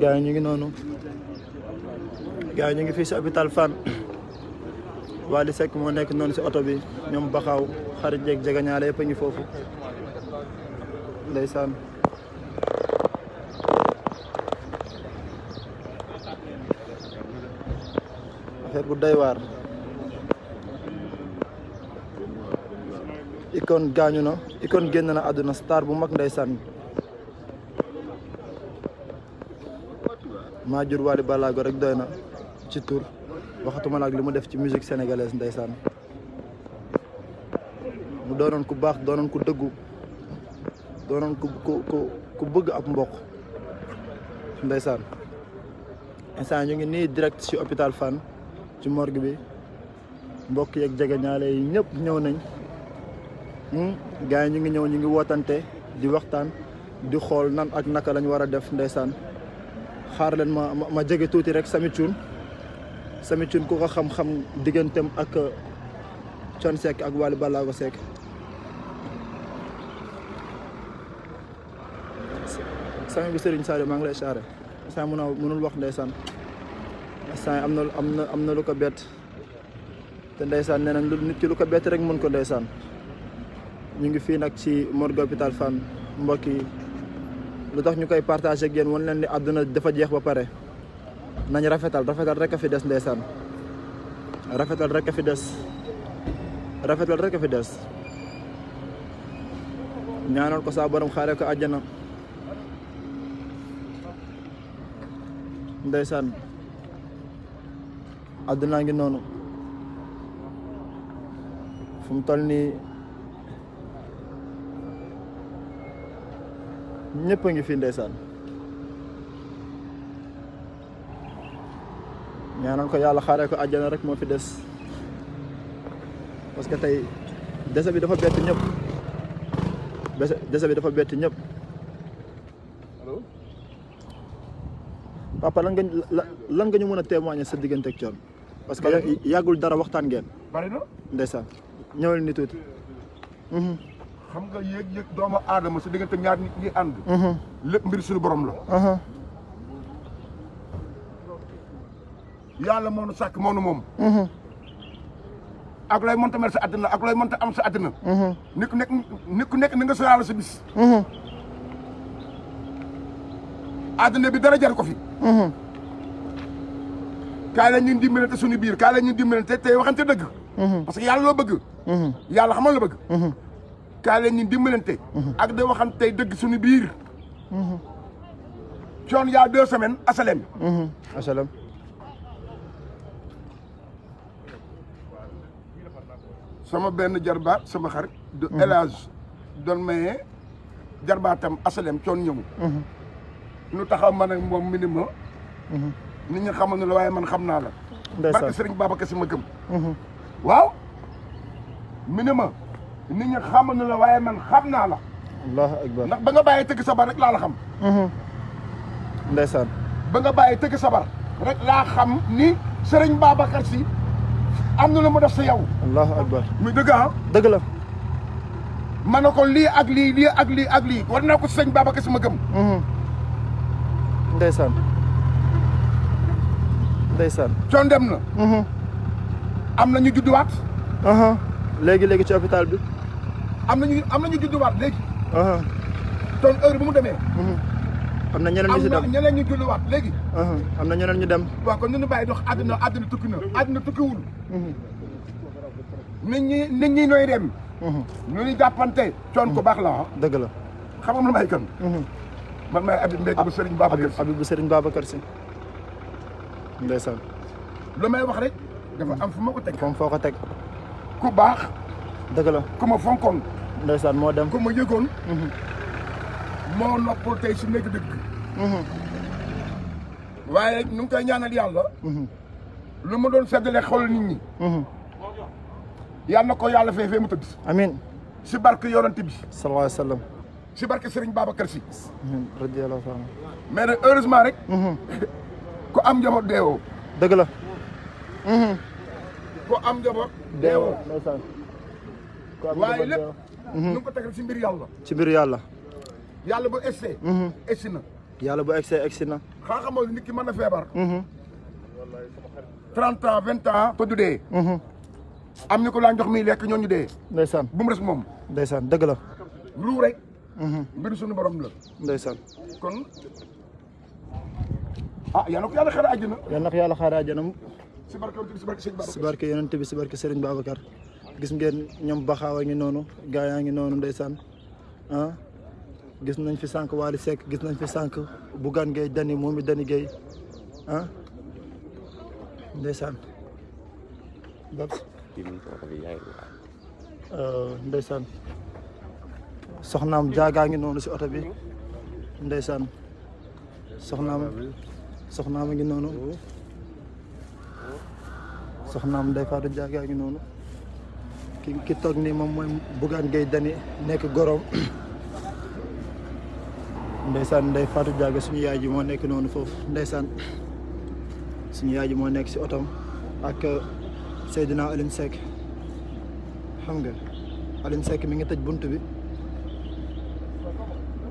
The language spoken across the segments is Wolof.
gaa ñu ngi noonu gaa ñu ngi fii si hôpital Fann Wally Seck moo nekk noonu si oto bi ñoom baxaw xarit jeeg jegañaale yëpp a ngi foofu ndeysaan affaire bu doy waar Akon gaañu na Akon génn na àdduna star bu mag san maa jur Wally Ballago rek doy na ci tur waxatuma nag li mu def ci musique sénégalaise ndeysaan mu doonoon ku baax doonoon ku dëggu doonoon ku ku ku bëgg ab mbokk ndeysaan instant ñu ngi nii direct ci hôpital fan ci morgue bi mbokk yeeg jege ñaale yi ñëpp ñëw nañ hmm? gars yi ñu ngi ñëw ñu ngi wootante di waxtaan di xool nan ak naka lañu war a def ndeysaan xaar leen ma ma jege tuuti rek Samy Thioune Samy Thioune ku ko xam-xam digganteem ak euh, Thione Seck ak Wally Ballago Seck Samy bi Serigne Sadio maa ngi lay saare Samy mun mënul wax ndeysaan Samy am na am na am na lu ko bett te ndeysaan nee nañ lu nit ki lu ko bett rek mën ko ndeysaan ñu ngi fii nag ci morgue hôpital Fann mbokk yi lu tax ñu koy partagé ak yéen wan leen ni àdduna dafa jeex ba pare nañ rafetal rafetal rek a fi des ndeysaan rafetal rek a fi des rafetal rek a des ñaanal ko saa borom xaare ko àjjana ndeysaan àdduna ngi noonu fu mu toll ñëpp ngi fi ndeysaan ñaanal ko yàlla xaaree ko àjjana rek moo fi des parce que tey dese bi dafa bett ñëpp dese bi dafa bett ñëpp allo papa lan nga lan nga ñu mën a témoigner sa diggante ak Thione parce que yàggul dara waxtaan ngeen. ndeysaan ñëwal ni tuuti. Mhm. xam nga yéeg-yéeg doomu aadama si diggante ñaar nit ñi ànd mhm. lépp mbir suñu borom la mhm. yàlla moo nu sàkk moo nu moom mhm. ak looy mënta mel sa àddina ak looy mënta am sa àddina ni ku nekk ni ku nekk ni nga soraale sa bis àddina bi dara jar ko fi kaay la ñun dimbalante suñu biir kaay la ñun dimbalante tey waxante dëgg parce que yàlla loo bëgg yàlla xamal la bëgg kaa leen ñu dimbalante. ak da waxante tey dëgg suñu biir. coon yaa deux semaines asalem. asalem. sama benn jarbaat sama xarit. du élage mhm. doon maye jarbaatam asalem coon ñëw. Mhm. nu taxaw man ak moom minimum. Mhm. nit ñi xamoon la waaye man xam naa la. ndeysaan barke Sëriñ Babacar Si ma waaw minimum. nit ñi xamu na la waaye man xam naa la. allahu akbar ndax ba nga bàyyi tëgg sabar rek laa la xam. Mhm. ndeysaan. ba nga bàyyi tëgg sabar rek laa xam ni sëriñ Babacar si am na lu mu def sa yow. allahu akbar muy dëgg ah. dëgg la. ma ne ko lii ak lii lii ak lii ak lii war naa ko Serigne Babacar Sy ma gëm. Mhm. ndeysaan. ndeysaan. coon dem na. Mhm. am na ñu judduwaat. léegi léegi ci hôpital bi. am nañu am nañu judduwaat léegi. Uh-huh. ton heure bu mu demee. Uh-huh. am na ñeneen ñu si dem ñu judduwaat léegi. Uh-huh. am na ñeneen ñu dem. waaw kon ñu bàyyi dox àddina àddina tukki na àddina tukkiwul. nit ñi nit ñi nooy dem. ñu ngi jàppante. coon ko baax la ah. dëgg la xam nga man maay kan. man maay Habib Mbégue bu Serigne Babacar si Habib bu Serigne Babacar ba ndeysaan. lu may wax rek. dafa am fu ma ko teg. comme foo ko teg. ku baax. dëgg la ku ma ndeysaan moo dem ko ma yëgoon mhm. moo noppal tey si nekk dëgg mhm. waaye nu ngi koy ñaanal yàlla mhm. lu ma doon seddale xol nit ñi yàlla na ko yàlla fee fee mu tëdd amiin si barke yonent bi sallallahu alayhi wa si barke Serigne Babacar Sy radiyallahu anhu mais nag rek ku am njaboot deewoo dëgg la nu ngi ko tegal ci mbir yàlla. ci mbir yàlla. yàlla bu egsee. Mhm. egsi na. yàlla bu egsee egsi na. xanaa xamoo nit ki mën na feebar. Mhm. trente ans vingt ans te du dee. Mhm. am ñu ko laa jox mi lekk ñooñu dee. ndeysaan bu mu des moom. ndeysaan dëgg la. lu rek. mbiru suñu borom kon. ah yal na ko yàlla xaare àjjana. yal na ko yàlla xaare àjjana. si barke si barke gis ngeen ñoom baxaaw a ngi noonu gaa yaa ngi noonu ndeysaan ah gis nañ fi sànq Wally Seck gis nañ fi sànq Bougane Gueye Dany moom i Dany Gueye ah ndeysaan Babs euh, ndeysaan soxnaam jaagaa ngi noonu si oto bi ndeysaan soxnaam soxnaam a ngi noonu soxnaam day faatu jaagaa ngi noonu ki ki toog nii moom mooy Bougane gay Dany nekk gorom ndeysaan ndey Fatou Diaga suñu yaay moo nekk noonu foofu ndeysaan suñu yaay ji moo nekk si otom ak euh, Seydina Alioune Seck xam nga Alioune Seck mi ngi tëj bunt bi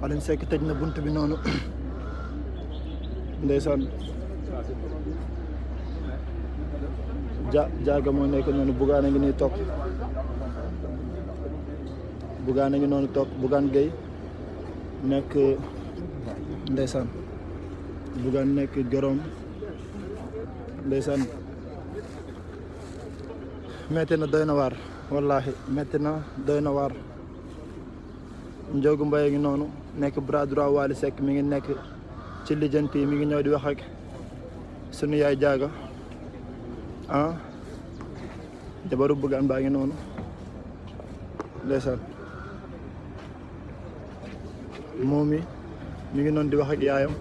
Alioune Seck tëj na bunt bi noonu ndeysaan ja Diaga moo nekk noonu Bougane a ngi nii toog bugaan a ngi noonu toog Bougane Gueye nekk ndeysaan Bougane nekk Gorom ndeysaan metti na doy na waar wallaahi metti na doy na waar Ndiogou Mbaye a ngi noonu nekk bras droit Wally Seck mi ngi nekk ci lijjanti yi mi ngi ñëw di wax ak sunu yaay jaaga ah jabaru Bougane baa ngi noonu ndeysaan moom mi mi ngi noon di wax a yaayam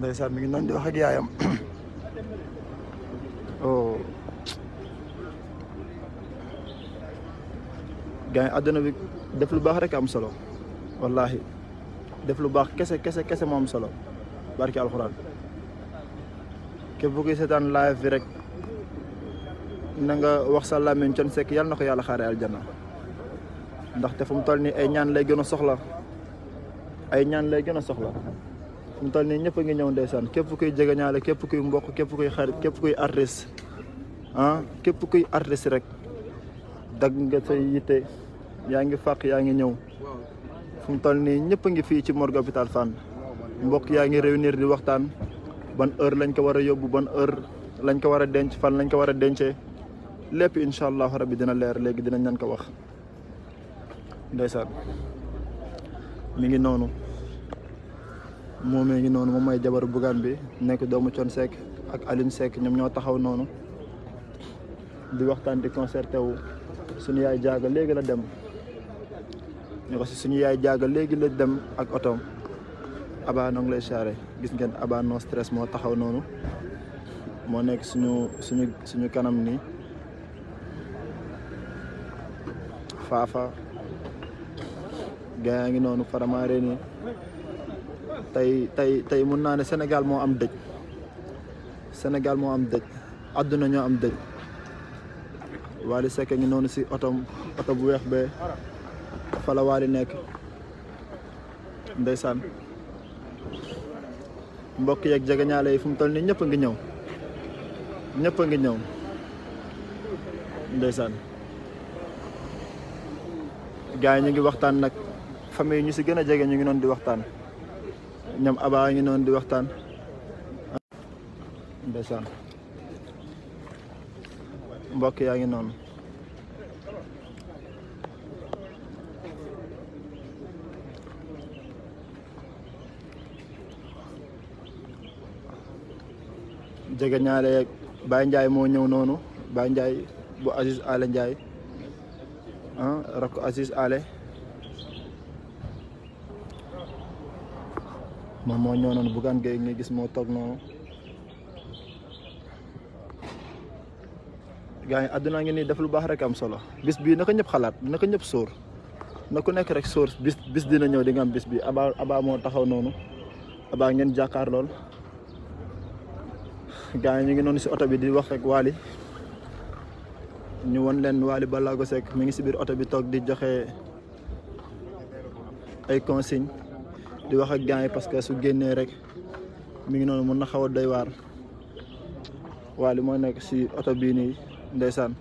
mi ngi noonu di wax yaayam oh gars yi àdduna def lu baax rek am solo wallahi def lu baax kese kese kese moo am solo barki alxuraan képp kuy seetaan live bi rek na nga wax sa làmmiñ Thione Seck yàlla na ko yàlla xaare aljanna ndaxte fu mu toll nii ay ñaan lay gën a soxla ay ñaan lay gën a soxla fu mu toll nii ñëpp a ngi ñëw ndeysaan képp kuy jegeñaale képp kuy mbokk képp kuy xarit képp kuy artiste ah képp kuy artiste rek dag nga say yitte yaa ngi fàq yaa ngi ñëw fu mu toll nii ñëpp a ngi fii ci morgue hôpital Fann mbokk yaa ngi réunir di waxtaan ban heure lañ ko war a yóbbu ban heure lañ ko war a denc fan lañ ko war a dencee lépp incha allahu rabbi dina leer léegi dinañ leen ko wax ndeysaan mi ngi noonu moomee ngi noonu moom mooy jabar bugaan bi nekk doomu Thione Seck ak Alioune Seck ñoom ñoo taxaw noonu di waxtaan di concerté wu suñu yaay jaaga léegi la dem ñu suñu yaay jaaga léegi la dem ak otoom Aba noo lay charé gis ngeen Aba no stress moo taxaw noonu moo nekk suñu suñu suñu kanam nii faafa gaa ngi noonu Faramareen tey tey tey mun naa ne Sénégal moo am dëj senegal moo am dëj àdduna ñoo am dëj Wally Seck ngi noonu si otom oto bu weex be fa la Wally nekk ndeysaan mbokk yeeg jege yi fu mu toll nii ñëpp ngi ñëw ñëpp a ngi ñëw ndeysaan gaa yi ñu ngi waxtaan nag famille ñu si gën a jege ñu ngi noonu di waxtaan ñoom abaa ngi noonu di waxtaan ndeysaan mbokk yaa ngi noonu jege ñaare Baye Ndiaye moo ñëw noonu Baye njaay bu Aziz Ale Ndiaye ah rakk Ale moom moo ñoo noonu Bougane Gueye ngay gis moo toog noonu gaa yi àdduna ngi nii def lu baax rek am solo bis bii naka ñëpp xalaat naka ñëpp sóor na ku nekk rek sóor bis bis dina ñëw di bis bi aba aba moo taxaw noonu aba ngeen jàkkaar lool gaa yi ñu ngi noonu si oto bi di wax rek waali ñu won leen Waly Ballago Seck mi ngi si biir oto bi toog di joxe ay consigne di wax ak gars yi parce que su génnee rek mi ngi noonu mën na xaw a day waar waa moo nekk si oto bii nii ndeysaan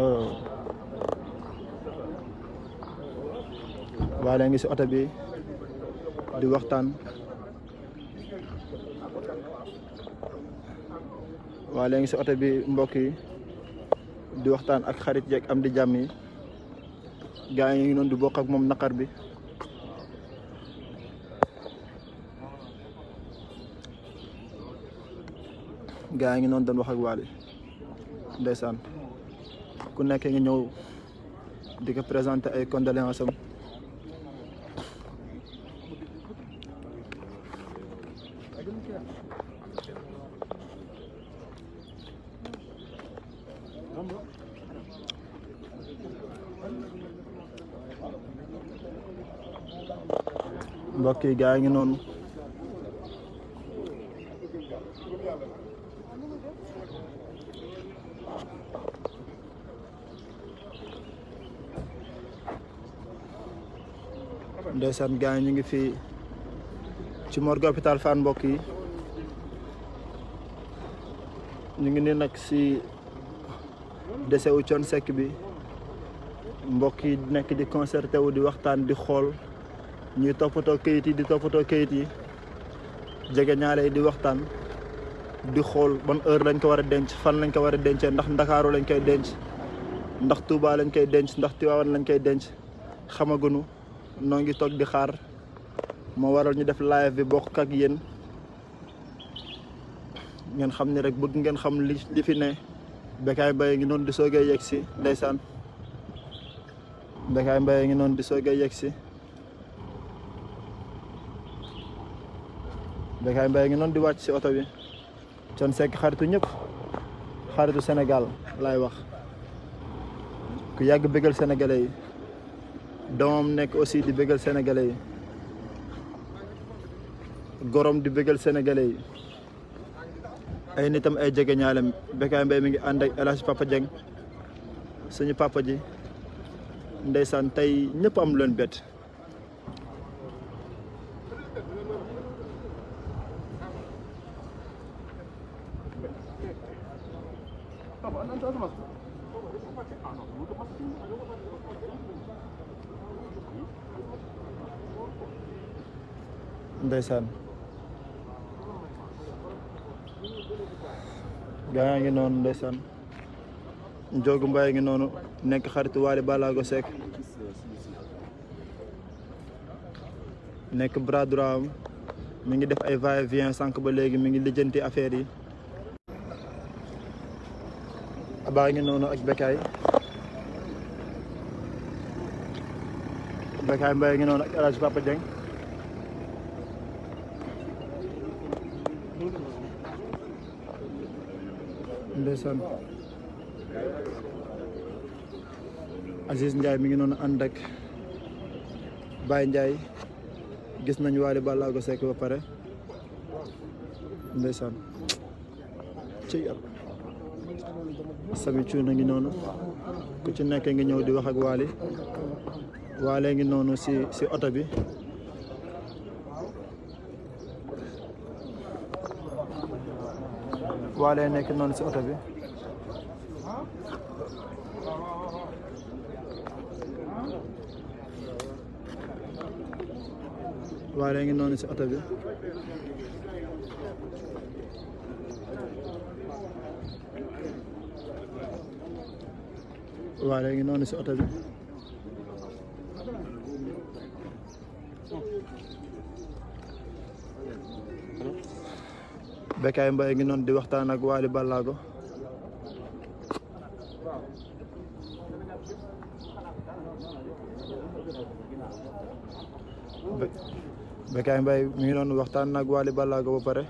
oh. waa ngi si oto bi di waxtaan waa la ngi si oto bi mbokk yi di waxtaan ak xarit yeek am di jàmm gaa yi ñu ngi doon di bokk ak moom naqar bi gaa yi ngi noonu doon wax ak Wally ndeysaan ku nekkee nga ñëw di ko présenter ay condoléances am mbokk yi gaa ngi noonu ndeysaan gaa ñu ngi fii ci morgue hôpital Fann mbokk yi ñu ngi nii nag si desewu coon Thione bi mbokk yi nekk di concerté wu di waxtaan di xool ñuy toppatoo kayit yi di toppatoo kayit yi jege ñaale di waxtaan di xool ban heure lañ ko war a denc fan lañ ko war a dencee ndax ndakaaru lañ koy denc ndax Touba lañ koy denc ndax Tiwaawan lañ koy denc xamaguñu noo ngi toog di xaar moo waral ñu def live bi bokk ak yéen ngeen xam ni rek bëgg ngeen xam li li fi ne Bécaye Mbaye ngi noonu di soogee yegg si ndeysaan Bécaye Mbaye ngi noonu di soogee yegg si Bécaye Mbaye ngi noonu di wàcc si oto bi Thione Seck xaritu ñëpp xaritu Sénégal lay wax ku yàgg bégal sénégalais yi doomam nekk aussi di bégal sénégalais yi gorom di bégal sénégalais yi ay nitam ay jege ñaalem Bécaye Mbaye mi ngi ànd ak El Hadj Papa Dieng suñu papa ji ndeysaan tey ñëpp am leen bett ndeysaan gaa ngi noonu ndeysaan Njoogu Mbaay ngi noonu nekk xaritu Waly Balago Seck nekk bras droit am ngi def ay va et vient ba léegi mi ngi lijjanti affaire yi abaa ngi noonu ak Bekaay Bekaay Mbaye ngi noonu ak El ndeysaan Aziz Ndiaye mi ngi noonu ànd ak Baye Ndiaye gis nañ Wally Ballago Seck ba pare ndeysaan ci yàlla sami cuun ngi noonu ku ci nekk ngi ñëw di wax ak Wally Wally ngi noonu si si oto bi waa lay nekk noonu si oto bi waa lay ngi noonu si oto bi waa lay ngi noonu si oto bi Bécaye Mbaye ngi noonu di waxtaan ak Waly Ballago Bécaye Mbaye mi ngi noonu waxtaan nag Waly Ballago ba pare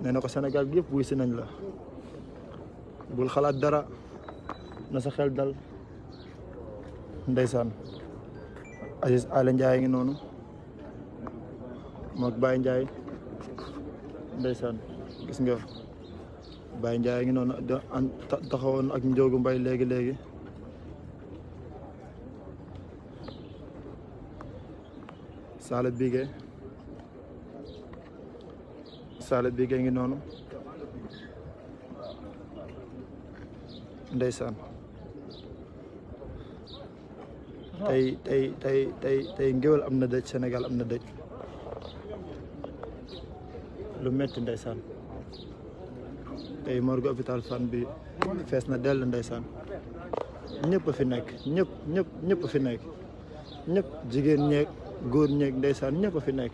nee na ko senegal bi yëpp wuy si nañ la bul xalaat dara na sa xel dal ndeysaan Aziz Aly Ndiaye ngi noonu mook Baye Ndiaye ndeysaan gis nga Baye Ndiaye ngi noonu taxawoon ak Ndiogu Mbaye léegi léegi Sala Bigué Sala Bigué ngi noonu ndeysaan tey tey tey tey tey ngéwél am na dëj senegal am na dëj lu métti ndeysaan tey morgue hôpital Fann bi fees na dell ndeysaan ñëpp fi nekk ñëpp ñëpp ñëpp fi nekk ñëpp jigéen ñeeg góor ñeeg ndeysaan ñëpp fi nekk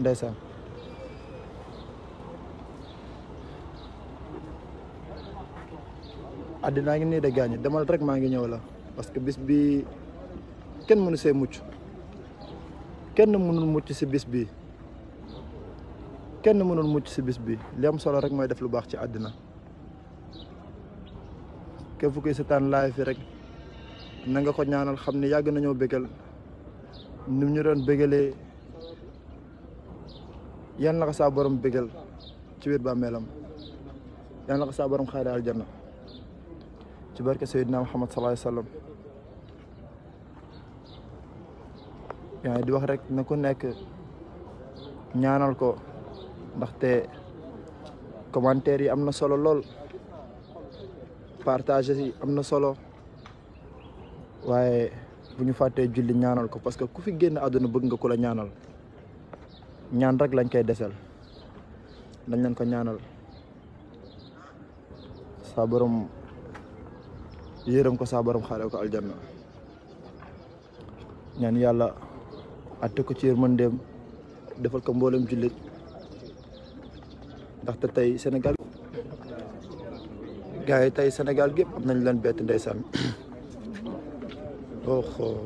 ndeysaan àddinaa ngi nii de gaañi demal rek maa ngi ñëw la parce que bis bi kenn mënu see mucc kenn mënul mucc si bis bi kenn mënul mucc si bis bi li am solo rek mooy def lu baax ci àddina képp kuy seetaan live rek na nga ko ñaanal xam ne yàgg nañoo bégal ni ñu doon bégalee yan la ko saa borom bégal ci biir bàmmeelam yan la ko saa borom xaare aljanna ci barke Seydina Muhammad sallallahu alayhi wa yaa di wax rek na ku nekk ñaanal ko ndaxte commentaire yi am na solo lool partage yi am na solo waaye bu ñu fàttee julli ñaanal ko parce que ku fi génne àdduna bëgg nga ku la ñaanal ñaan rek lañ koy desel dañ leen ko ñaanal saa borom yërëm ko saa borom ko aljanna ñaan yàlla atte ko ci yërmandeem defal ko mboolem jullit ndaxte tey Sénégal gars yi tey Sénégal gépp am nañ leen bett ndeysaan oh, oh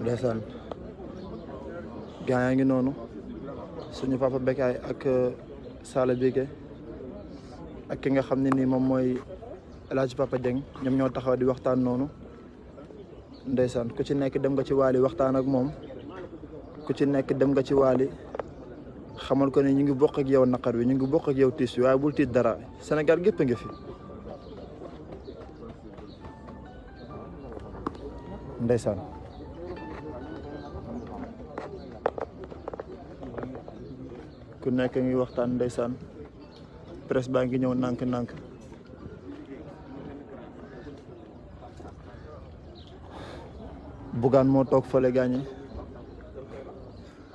ndeysaan gars yaa ngi noonu suñu papa Bécaye ak euh, Sala Bigué ak ki nga xam ne nii moom mooy El Hadj Papa Dieng ñoom ñoo taxaw di waxtaan noonu ndeysaan ku ci nekk dem nga ci waali waxtaan ak moom ku ci nekk dem nga ci waali xamal ko ne ñu ngi bokk ak yow naqar wi ñu ngi bokk ak yow tiis wi waaye bul tiit dara senegal gépp a ngi fi ndeysaan ku nekk ngi waxtaan ndeysaan presse baa ngi ñëw nànk-nànk bugaan moo toog fële gaañi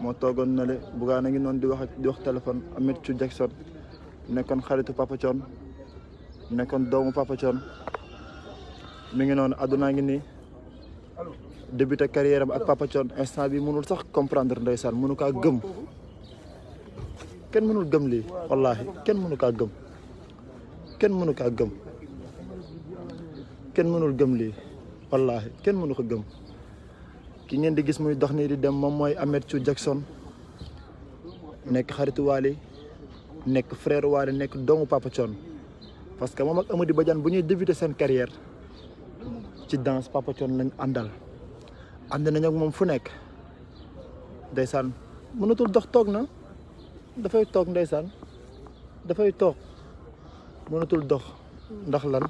moo toogoon na le Bougane a ngi noon di wax di wax téléphone Ameth Jackson nekkoon xaritu Papa nekkoon doomu Papa Thione mi ngi noonu àdduna ngi nii débuté carrière am ak Papa Thione instant bi mënul sax comprendre ndeysaan mënu ka gëm kenn mënul gëm lii wallaahi kenn mënu kaa gëm kenn mënu ka gëm kenn mënul gëm lii wallaahi kenn mënu ko gëm ki ngeen di gis muy dox nii di dem moom mooy Ameth Thiou Jackson nekk xaritu Wally nekk frère Wally nekk doomu Papa Thione parce que moom ak Amady Badiane bu ñuy débuté seen carrière ci dance Papa Thione lañ àndal ànd nañ moom fu nekk ndeysaan mënatul dox toog na dafay toog ndeysaan dafay toog mënatul dox ndax lan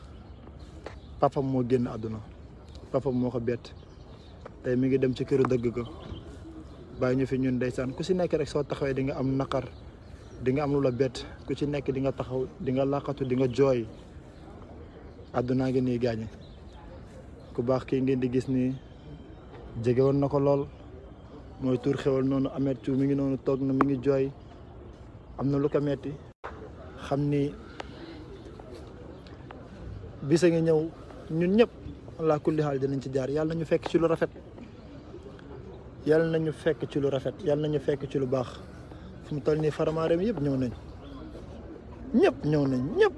papam moo génn àdduna papam moo ko bett tey mi ngi dem ci kër dëgg ko bàyyi ñu fi ñun ndeysaan ku ci nekk rek soo taxawee di nga am naqar di nga am lu la bett ku ci nekk di nga taxaw dinga làqatu laqatu di nga jooy àddunaa ngi nii gaañe ku baax kii ngeen di gis nii jegewoon na ko lool mooy tuur xewal noonu amet ci mi ngi noonu toog na mu ngi jooy am na lu ko metti xam ni bisa ngi ñëw ñun ñëpp ala kulli xaal dinañ ci jaar yàlla ñu fekk ci lu rafet yàlla ñu fekk ci lu rafet yàlla nañu fekk ci lu baax fi mu toll nii faramaarem yëpp ñëw nañ ñëpp ñëw nañ ñëpp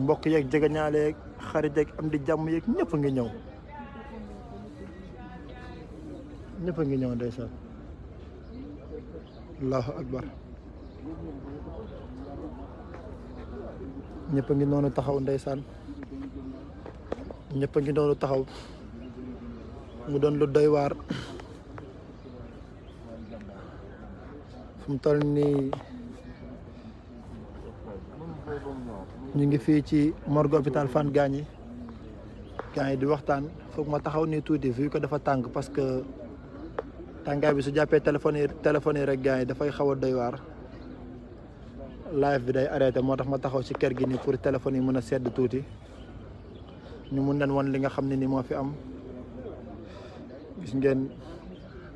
mbokk yeeg jegeñaale yeeg xarit yeeg am di jàmm yeeg ñëpp ngi ñëw ñëpp a ngi ñëw ndeysaan allahu akbar ñëpp a ngi noonu taxaw ndeysaan ñëpp a ngi noonu taxaw mu doon lu doy waar fu mu toll nii ñu ngi fii ci morgue hôpital Fann Gagny Gagny di waxtaan foog ma taxaw nii tuuti vu que dafa tànk parce que tàngaay bi su jàppee téléphone yi téléphone yi rek Gagny dafay xaw a doy waar live bi day arrêté moo tax ma taxaw ci kër gi nii pour téléphone yi mën a sedd tuuti ñu mun leen won li nga xam ne nii moo fi am gis ngeen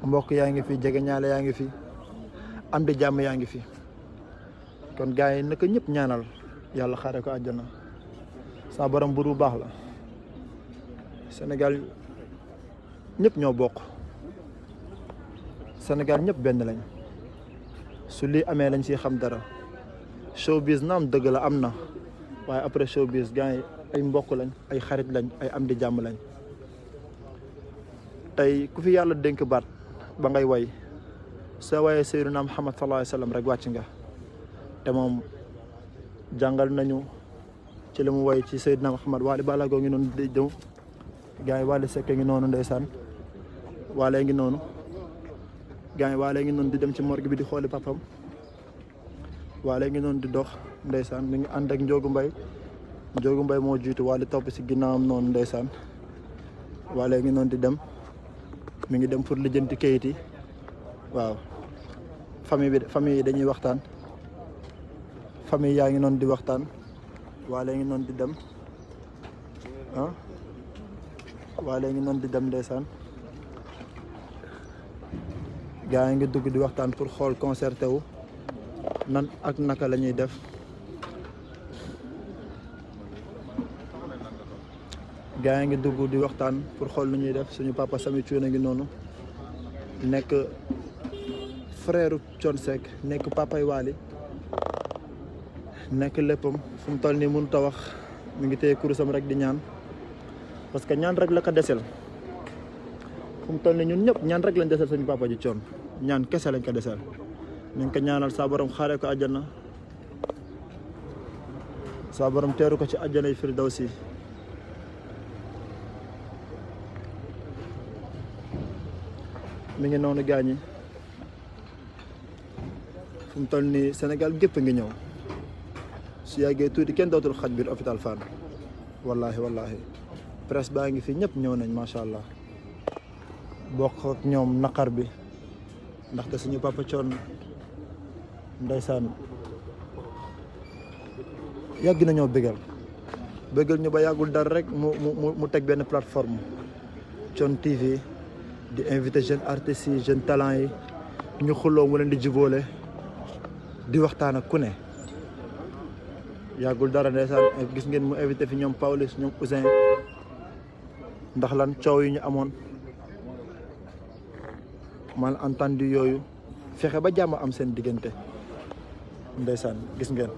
mbokk yaa ngi fi jege ñaale yaa ngi fii am di jàmm yaa ngi fi kon gars yi naka ñëpp ñaanal yàlla xaare ko àjjana saa borom bu baax la Sénégal ñëpp ñoo bokk Sénégal ñëpp benn lañ su lii amee lañ si xam dara showbiz naam dëgg la am na waaye après showbiz gars yi ay mbokk lañ ay xarit lañ ay am di jàmm lañ tey ku fi yàlla dénk baat ba ngay woy soo waayee Seydina Muhammad sallallahu alayhi wa sallam rek wàcc nga te moom jàngal nañu ci li mu woy ci Seydina Muhammad waali balagoo ngi noonu di jëm gars yi waali sekke ngi noonu ndeysaan waalee ngi noonu gars yi waalee ngi noonu di dem ci morgue bi di xooli papam waalee ngi noonu di dox ndeysaan mi ngi Mbay Njoogu Mbay moo jiitu waali topp si ginnaawam noonu ndeysaan waalee ngi di dem mi ngi dem pour lijjanti kayit yi waaw famille bi famille yi dañuy waxtaan famille yaa ngi noonu di waxtaan waale ngi noonu di dem waa ah? waale ngi noonu di dem ndeysaan gaa yi ngi dugg di waxtaan pour xool concerté wu nan ak naka lañuy def gaa yi ngi dugg di waxtaan pour xool lu ñuy def suñu papa Samy Thioune ngi noonu nekk frère Thione Seck nekk papay Waly nekk léppam fu mu toll nii mënut a wax mu ngi téye kurusam rek di ñaan parce que ñaan rek la ko desel fu mu toll nii ñun ñëpp ñaan rek lañ desel suñu papa ji Thione ñaan kese lañ ko desel nañ ko ñaanal saa borom xaaree ko àjjana saa borom teeru ko ci àjjana yi firdawsi mi ngi noonu gaañi fu mu toll nii Sénégal gépp ngi ñëw su yàggee tuuti kenn dootul xaj biir hôpital Fann wallaahi wallaahi presse baa ngi fi ñëpp ñëw nañ macha allah bokk ñoom naqar bi ndaxte suñu papa coon ndeysaan yàgg na ñoo bégal bégal ñu ba yàggul dara rek mu mu mu teg benn plateforme coon TV di invité jeunes artistes yi jeunes talents yi ñu xuloo mu leen di jiboole di waxtaan ak ku ne yàggul dara ndeysaan gis ngeen mu invité fi ñoom Pawlish ñoom Ouzin ndax lan coow yu ñu amoon mal di yooyu fexe ba jàmm am seen diggante ndeysaan gis ngeen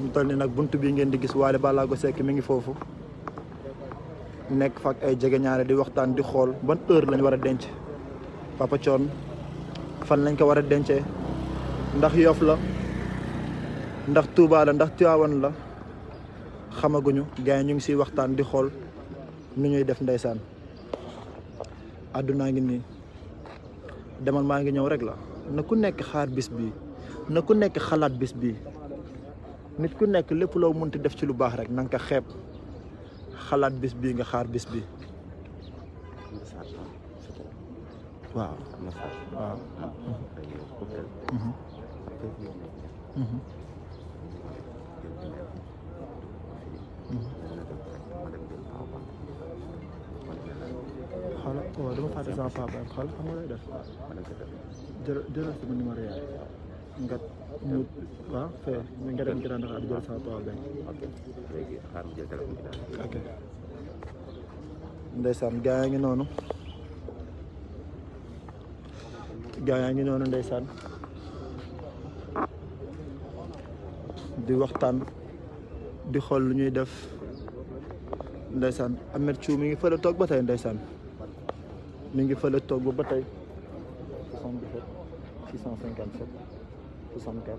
mu toll ni nag bunt bi ngeen di gis waale Wally ko Seck mi ngi foofu nekk fa ay jege ñaare di waxtaan di xool ban heure lañ war a denc Papa coon fan lañ ko war a dencee ndax yoof la ndax Touba la ndax Tivaouane la xamaguñu gars ñu ngi ciy waxtaan di xool nu ñuy def ndeysaan àddunaa ngi nii demal maa ngi ñëw rek la na ku nekk xaar bis bii na ku nekk xalaat bis bii nit ku nekk lépp loo munti def ci lu baax rek nanga ko xeeb xalaat bis bii nga xaar bis bii waaw xoola waaw dama fàtte sama papa xoola xam nga lay def jël jëlal sama numéro yaay nga ñu waaw fee nga dem Grand Dakar jël sama papa benn ok ndeysaan gaa yaa ngi noonu gaa ngi noonu di waxtaan di xool lu ñuy def ndeysaan Ameth Thiou mi ngi fële toog ba tey ndeysaan mu ngi fële toog ba ba tey 77 657 64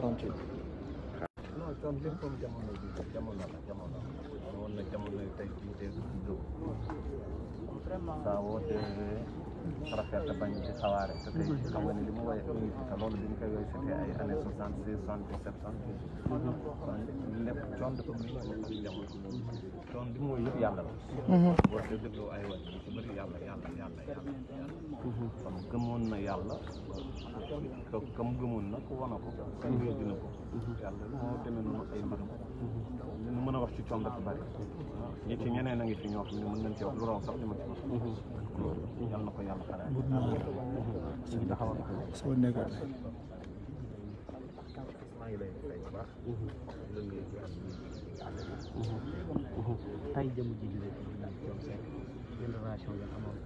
38. non la jamono rafet te bañ di xawaare te tey xam nga loolu bi ñu koy woy c'était ay soixante six soixante dix sept soixante dix kon lépp coon dafa mën a ak njaboot coon li mu woy yëpp yàlla la boo dee dégloo ay woy ci bëri yàlla yàlla yàlla yàlla kon gëmoon na yàlla comme yàlla moo demee noonu ay mbiram ñu mën a wax ci coom dafa bari ñi ci ñeneen a ngi fi ñoo xam mën nañ ci wax lu raw sax li ma ci wax yàlla na ko yàlla a ñu taxawal soo nekkoon maa ngi lay fay bu baax tey jëm ji jóge ci ginnaaw coom seen yéen relation yi amoon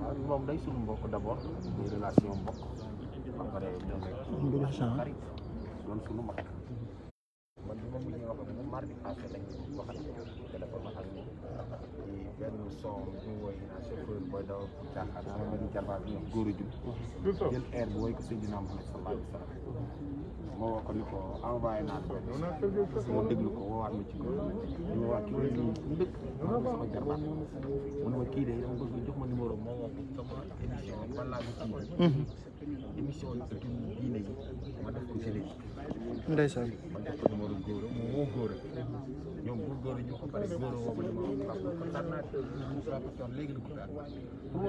loolu moom day suñu mbokk d'abord muy relation mbokk mooy daw caaxaan sama benn jarbaat bi ñuy wax góor a jub jël air bi woy ko Seydina Muhammad sallallahu alayhi wa sallam ma woo ko ni ko envoyé naa ko ma déglu ko woowaat ma ci góor ñu woowaat ci góor ñu dëkk ma ko sama jarbaat mu ne ma kii de dama bëgg jox ma numéro ma woo ko sama émission ban laa ko émission yu ëttu diine yi ma def ko télé bi. ndeysaan ma def ko numéro góor mu woo góor ñoom bu góor ñu ko pare góor woo ma ne a ko daan naa teel léegi la ko daal pour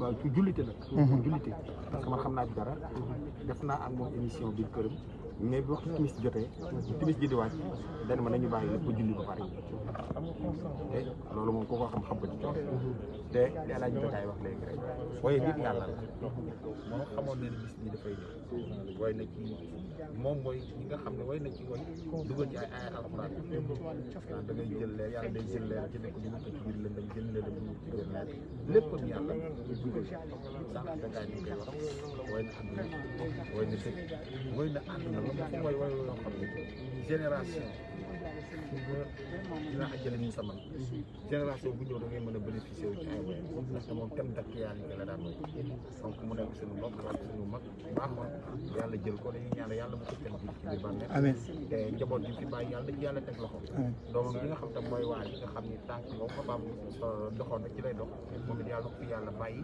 woon jullite la. ku mhm. jullite parce xam naa dara def naa ak moom émission biir këram. mais bi waxtu timis jotee timis ji di wàcc dañ ma nañu bàyyi lépp julli ba pare te loolu moom ko ko xam xam ko ci coono te li Alaaji Bekaay wax léegi rek waaye nit yàlla la moom xamoon na ne président lañ way na ci moom mooy ñi nga xam ne way na ci woon dugal ci ay ay alxuraan da ngay jël leer yàlla day jël leer jëlee ko dugal ko ci biir lëndëm jël lëndëm dugal ci biir leer léppam yàlla dugal sax da ngaa ñu koy wax way na ànd na way na sëkk way na ànd na lu mu way way yoo xam ne génération ila ajjële ñu saman génération bu ñëw da ngay mën a bénéficier wu ci ay woy parce que moom tam dakk yàlla yi la daan woy donc mu nekk suñu mbokk ak suñu mag baaxoon yàlla yàlla mu ko teg ci biir bàmmeel amiin te njaboot yi fi yàlla yàlla teg loxo doomam bi nga xam tam mooy waa yi nga xam ni tànk moom papaam euh, doxoon rek ci lay dox moom it yàlla ko fi yàlla bàyyi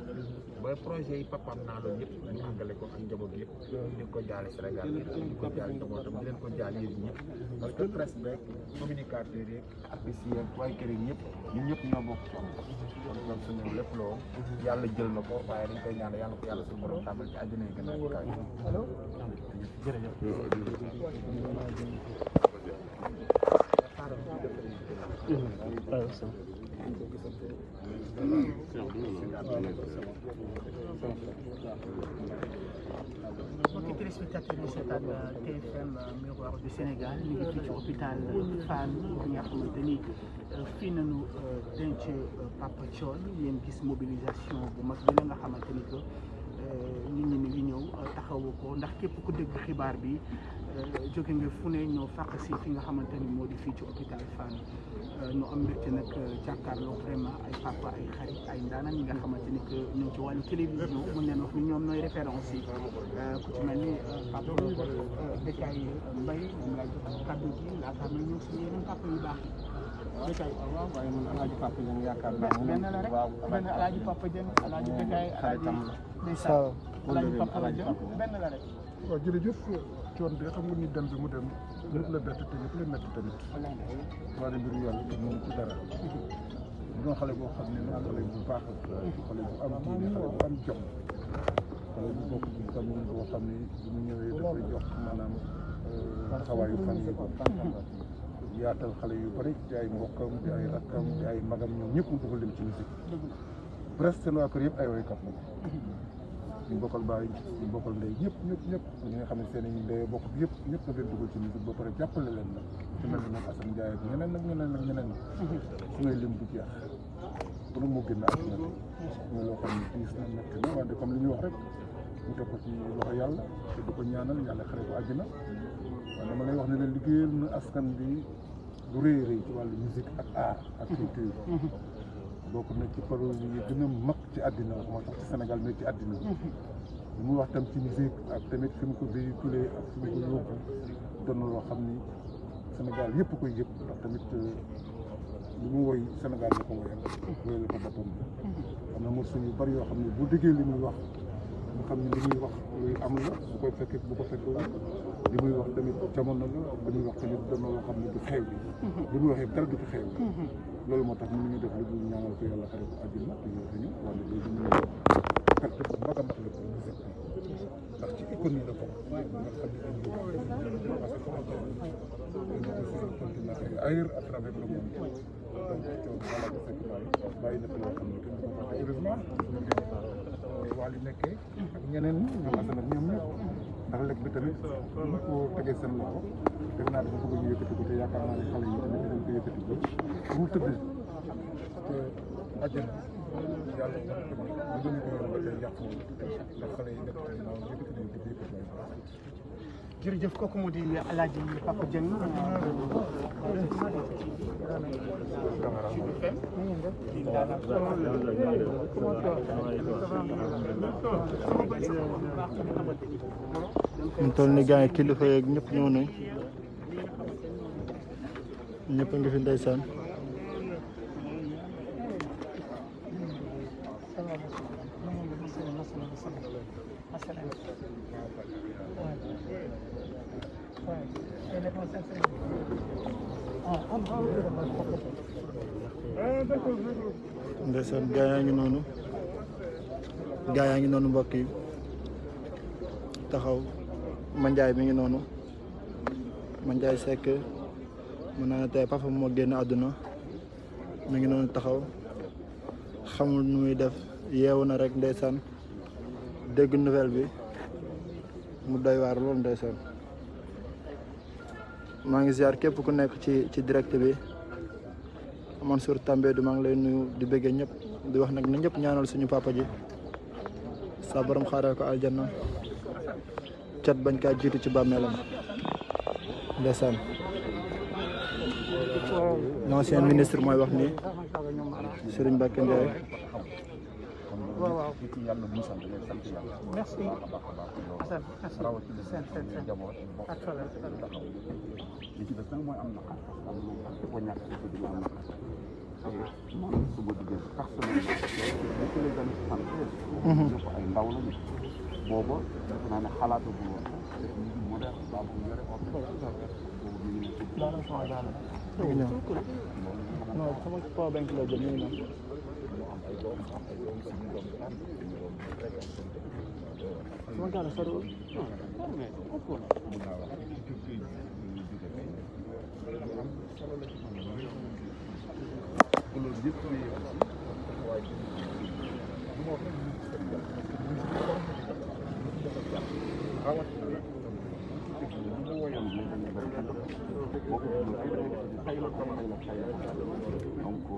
ba projet yi papaam naa loolu yëpp ñu àggale ko ak njaboot yëpp ñu ko jaale Sénégal yëpp ñu ko jaale njabootam ñu leen ko jaale yéen ñëpp parce que presse beeg communicateur yeeg apisi yeeg waaye kër yi ñëpp ñun ñëpp ñoo bokk ci kon kon suñu lépp loo yàlla jël na ko waaye dañ koy ñaan yàlla ko yàlla suñu borom tàmbal ci àjjana yi gën a kaw allo jërëjëf Thank you. mbokki téléspectateurs yi seetaan TFM miroir du Sénégal ñu ngi fii ci hôpital euh, Fann bi nga xamante ni euh, fii nañu euh, denc Papa Thione yéen gis mobilisation bu mag bi la nga xamante ni que nit ñi ngi ñëw euh, taxawu ko ndax képp ku dégg xibaar bi euh, jóge nga fu ne ñoo fàq si fi nga xamante ni moo di fii ci hôpital Fann euh, ñu am mbégte nag jàkkaarloo vraiment ay papa ay xarit ay ndaanaan yi nga xamante ni que télévision mën leen wax ni ñoom nooy référence ku ci mel ni papa Bécaye Mbaye moom laa jox kàddu gi laata may ñëw suñu yeneen papa yu baax yi Bécaye waaw waaye man alaaji Papa Dieng yaakaar naa ne benn la rek benn alaaji Papa Dieng alaaji Bécaye alaaji Papa Dieng benn la rek waaw mu coon bi xam nga ni dem bi mu dem lépp la bett te lépp la métti tamit waaye mbiru yàlla te moom dara doon xale boo xam ne nag xale bu baax xale bu am diine xale bu am jom xale bu bokk ci famille boo xam ne bu mu ñëwee yaatal xale yu bëri jaay ay mbokkam ci ay rakkam magam ñoom ñëpp mu dugal leen ci musique presque seen waa kër yëpp ay woykat la ñu bokkal baay ñu bokkal ndey ñëpp ñëpp ñëpp ñi nga xam ne seen i ndey yëpp ñëpp nga ci musique ba pare jàppale leen nag ci mel ni ñeneen nag ñeneen nag ñeneen nag su ngay lim du jeex pour mu gën a ak na ñoo loo comme li ñuy wax rek mu teg ko ci loxo yàlla te di ko ñaanal yàlla xare ko àjjana dama lay wax ne la liggéeyal na askan bi lu rëy rëy ci wàll musique ak art ak culture bokk na ci paroles yi gën mag ci àddina moo tax ci Sénégal mais ci àddina li muy wax tam ci musique ak tamit fi mu ko véhiculé ak fi mu ko yóbbu doon loo xam ni Sénégal yëpp koy yëpp ndax tamit euh, lu mu woy senegal la ko woyal woyal la ko boppam mm-hmm. am na morceau yu bari yoo xam ne bu déggee li muy wax mu xam ne li muy wax luy am la bu ko fekkee bu ko fekkee li muy wax tamit jamono la li muy wax tamit dama loo xam ne du xew bi mm-hmm. li muy waxee dara du ci xew bi mm-hmm. loolu moo tax mënuñu def lu dul ñaanal ko yàlla xare ko àddina te ñoo suñu wala léegi ñu ngi perte bu mag a mag la pour musique bi ndax ci économie la bokk nga xam ne dañuy parce que foo toll ailleurs à travers le monde donc coono bàyyi na fi loo xam ne heureusement wàllu nekkee ak ñeneen ñoom asalam ñoom ñëpp ndax lekk bi tamit ñu ko tegee seen loxo def naa dafa bëgg ñu yëkkati ko te yaakaar naa ne xale yi tamit te àjjana jërëjëf kooku mu di El Hadj Papa Dieng mu toll ni gaa yi kilifa yeeg ñëpp ñëw nañ ñëpp a ngi fi ndeysaan ndeysaan gaa yaa ngi noonu gaa yaa ngi noonu mbokk yi taxaw manjaay mi ngi noonu manjaay sekk mën naa ne tey papa moo génn àdduna mi ngi noonu taxaw xamul nu muy def yeewu na rek ndeysaan dégg nouvelle bi mu doy waar loolu ndeysaan maa ngi ziar képp ku nekk ci ci direct bi Mansour Tambédou maa ngi lay nuyu di bëggee ñëpp di wax nag na ñëpp ñaanal suñu papa ji sa borom xaaral ko aljanna cat bañ kaa jiitu ci bàmmeelam ndeysaan l'ancien ministre mooy wax ni Serigne Mbacké Ndiaye ci ci yàlla musal da ngay sant yàlla. merci baax a baax a baax loolu. merci rawatina seen seen seen jaboot ak mbokk ak taxaw li ci des nag mooy am na am na ku ko ñàkk ci dina am na man su ma diggee personnellement depuis les années soixante-treize ñëpp ay ndaw lañu booba defe naa ne xalaatu bu woon def ñu ngi moderne baa bu yore oto boobu ñu ngi ne sama gaara soriwul non non mais ëpp na. donc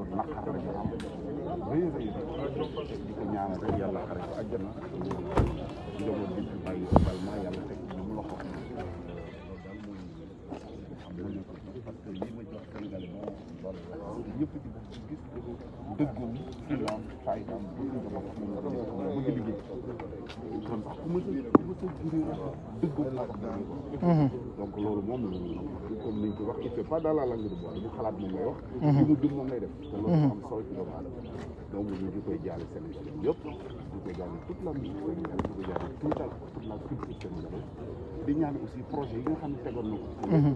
naqar la ñu am rëy rëy di ko ñaanal rek yàlla xare ko àjjana njaboot bi bàyyi ko bal ma yàlla teg ñoom loxo parce que lii ma jox Sénégal moom loolu la ñëpp di bokk gis dëggum filaam faydaam bëgg nga bokk bëgg liggéey donc loolu moom comme niñ ko wax il fait pas dans la langue de bois mu xalaat moom lay wax mhm. li mu gëm moom lay def te loolu mhm. am solo ci doomu aadama donc ñu ngi koy jaale Sénégal yëpp di koy jaale toute la musique sénégalaise di koy jaale di ñaan aussi projet yi nga xam ne tegoon na ko mhm.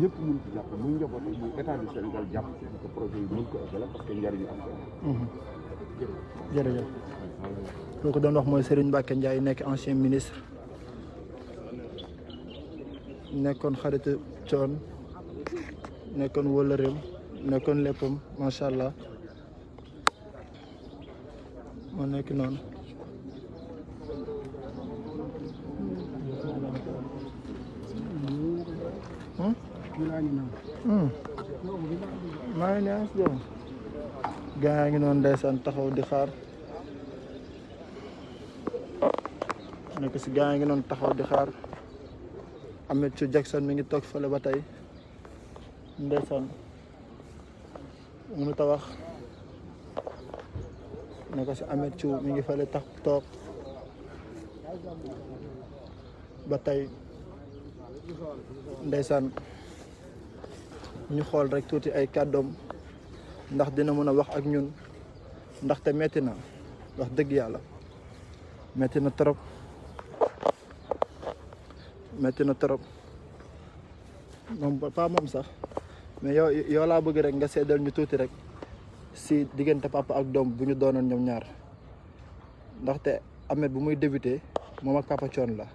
ñëpp mun ci jàpp muy njaboot muy état du Sénégal jàpp projet yi mun ko eggale parce que njariñu am Sénégal jërëjëf koo ko doon wax mooy Serigne Mbacke Ndiaye nekk ancien ministre nekkoon xaritu coon nekkoon wëllëreem nekkoon léppam macha allah moo nekk noonu hmm? Hmm? maa ngi ne gaa ngi noon ndeysaan taxaw di xaar nekk si gaa ngi noonu taxaw di xaar Ahmed Sou Jackson mi ngi toog fële ba tey ndeysaan mënut a wax nekk si Ahmed Sou mi ngi fële tax toog ba tey ndeysaan ñu xool rek tuuti ay kàddoom ndax dina mën a wax ak ñun ndaxte metti na wax dëgg yàlla metti na trop metti na trop moom papa moom sax mais yow yow laa bëgg rek nga seddal ñu tuuti rek si diggante papa ak doom bu ñu doonoon ñoom ñaar ndaxte Ameth bu muy débuté moom ak papa coon la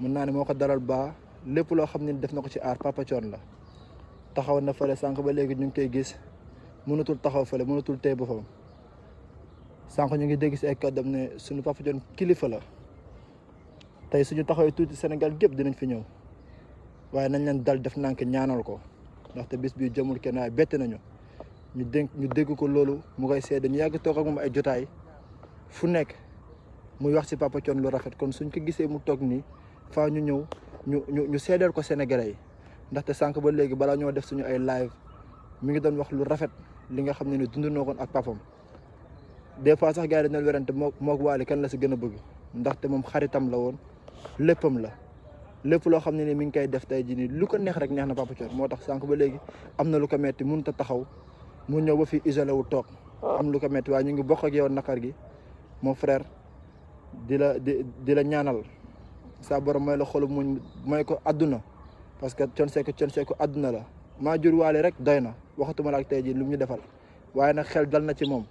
mën naa ne moo ko dalal baa lépp loo xam ne def na ko ci aar papa coon la taxaw na fële sànq ba léegi ñu ngi koy gis mënatul taxaw fële mënatul téye boppam sànq ñu ngi dégg si ay kàddam suñu Papa Thione kilifa la tey suñu taxawee tuuti Sénégal gépp dinañ fi ñëw waaye nañ leen dal def nànk ñaanal ko ndaxte bis bii jëmul kenn waaye nañu ñu dénk ñu dégg ko loolu mu koy seede ñu yàgg toog ay jotaay fu nekk muy wax si Papa Thione rafet kon suñ ko gisee mu toog nii faa ñu ñëw ñu ñu ko Sénégalais yi ndaxte sànq ba léegi balaa ñoo def suñu ay live mu ngi doon wax lu rafet li nga xam ne ne dund noo ko ak papam des fois sax gars yi dañu werante moo mook waali kan la si gën a bëgg ndaxte moom xaritam la woon léppam la lépp loo xam ne ni mi ngi koy def tey ji nii lu ko neex rek neex na Papa Thione moo tax sànq ba léegi am na lu ko metti mënut a taxaw mu ñëw ba fi isolé wu toog am lu ko metti waaye ñu ngi bokk ak yow naqar gi moo frère di la di di la ñaanal saa borom mooy la xolu muñ mooy ko àdduna parce que Thione Seck Thione Seck àdduna la maa jur waale rek doy na waxatuma la ak tey jii lu ñu defal waaye nag xel dal na ci moom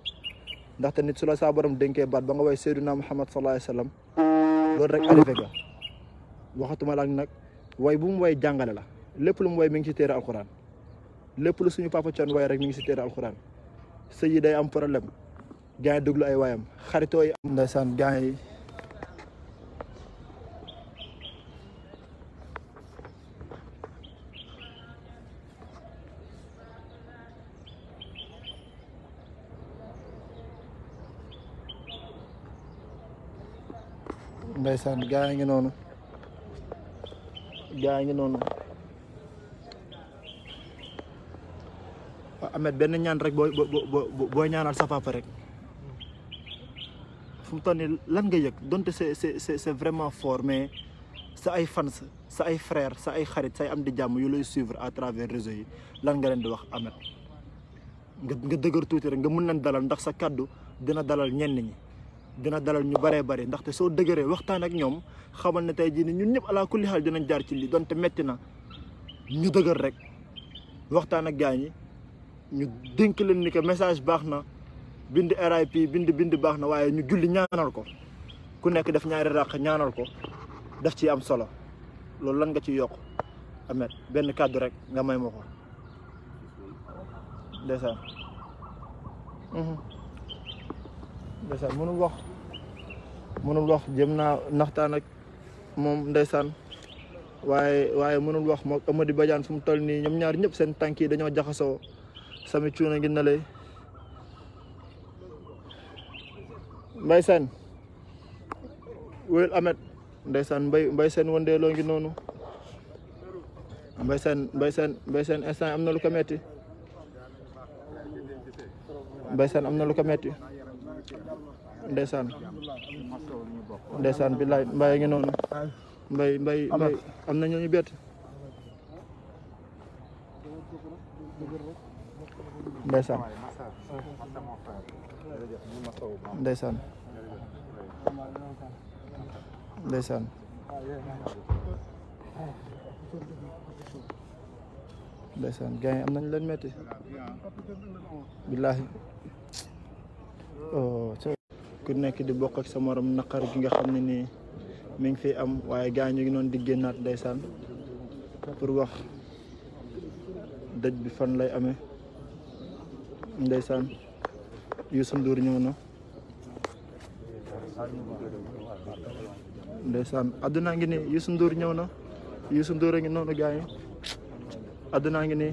ndaxte nit su la saa borom dénkee baat ba nga way Seydina Muhammad sallallahu alayhi wa rek arrivé ga waxatuma la nag way bu mu way jàngale la lépp lu mu way mi ngi ci téere alxuraan lépp lu suñu papa coon way rek mi ngi ci téere alxuraan sëy yi day am problème gars yi déglu ay waayam xaritoo yi am ndeysaan gars yi ndeysaan gaa ngi noonu gaa ngi noonu Amet benn ñaan rek booy booy ñaanal sa rek fu mu toll nii lan nga yëg dont c'est c'est vraiment fort mais sa ay fans sa ay frères sa ay xarit sa ay am di jàmm yu lay suivre à travers réseau yi lan nga leen di wax Amet nga nga dëgër tuuti rek nga mën leen dalal ndax sa kàddu dina dalal ñenn ñi. dina dalal ñu bëree bëri ndaxte soo dëgëree waxtaan ak ñoom xamal ne tey jii ni ñun ñëpp alaa kulli xaal dinañ jaar ci lii donte metti na ñu dëgër rek waxtaan ak gaa ñi ñu dénk leen ni que message baax na bind RIP bind bind baax na waaye ñu julli ñaanal ko ku nekk def ñaari ràq ñaanal ko daf ci am solo loolu lan nga ci yokk Ameth benn kàddu rek nga may ma ko ndeysaan mënul wax mënul wax jëm naa naxtaan ak moom ndeysaan waaye waaye mënul wax moom Amady Badiane fu mu nii ñoom ñaar ñëpp seen tànk yi dañoo jaxasoo sami cuuna ngi nale mbay seen wéyul amet ndeysaan mbay mbay seen wëndeeloo ngi noonu mbay seen mbay seen instant am na lu ko metti mbay seen am na lu ko metti ndeysaan ndeysaan billaay mbay ngi noonu mbay mbay mbay am na ñooñu bett ndeysaan ndeysaan ndeysaan ndeysaan gars yi am nañ leen métti billaahi oh, ku nekk di bokk ak sa morom naqar gi nga xam ne nii mi ngi fi am waaye gaa ñu ngi noonu di génnaat ndeysaan pour wax daj bi fan lay ame ndeysaan Youssou Ndour ñëw na ndeysaan àdduna ngi nii Youssou Ndour ñëw na Youssou Ndour a ngi noonu gaa yi ngi nii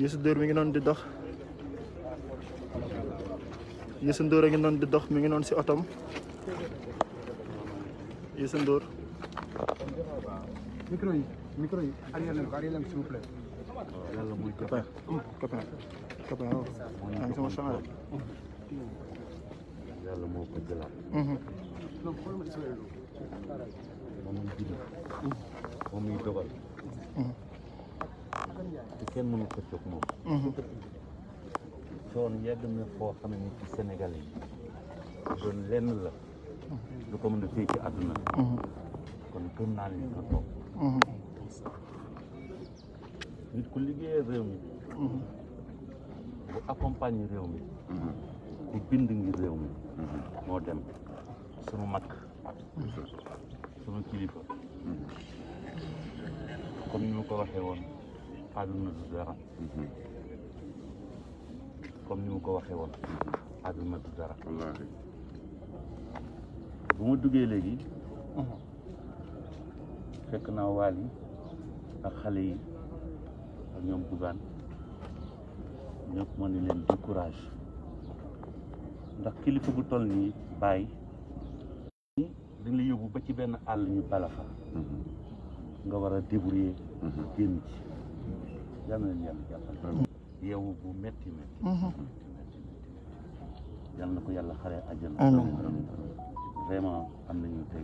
Youssou Ndour mi ngi noonu di dox Youssou Ndour a ngi noonu di dox mi ngi noonu si otom Youssou Ndour micro yi micro yi arrière leen ko arrière leen coon yàgg na foo xam ne ci Sénégal yi doon lenn la lu ko mën a téye ci àdduna kon gëm naa ko nit ku liggéeyee réew mi bu accompagne réew mi ku bind ngir réew mi moo dem sunu mag sunu kilifa comme ni ma ko waxee woon àdduna du dara comme ni mu ko waxee woon àdduna du dara bu ma duggee léegi fekk naa waal yi ak xale yi ak ñoom bugaan ñëpp ma ne leen di courage ndax kilifa bu toll nii bàyyi dañ la yóbbu ba ci benn àll ñu bala fa mm-hmm. nga war a débrouiller mm-hmm. génn ci yàlla na leen yàlla jàppale yeewu bu métti métti métti na ko yàlla xaree àjjana amiin vraiment am nañu tey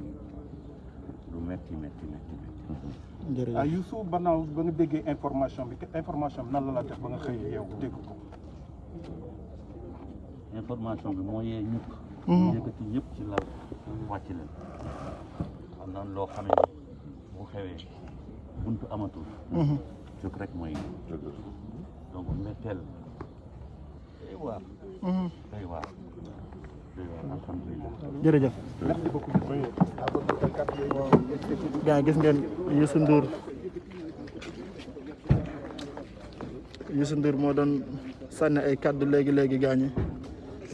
lu métti métti métti métti jërëjëf ah Youssou Banaaw ba nga déggee information bi te information bi ba nga xëyee yeewu dégg ko information bi moo yee ñëpp ñu mhm. ñëpp ci lal wàcc leen xam naa loo xam ne bu xewee buntu amatul mhm. jóg rek mooy donc métteel mhm. gis ngeen Youssou Ndour Youssou Ndour moo doon sànni ay kàddu léegi léegi gaa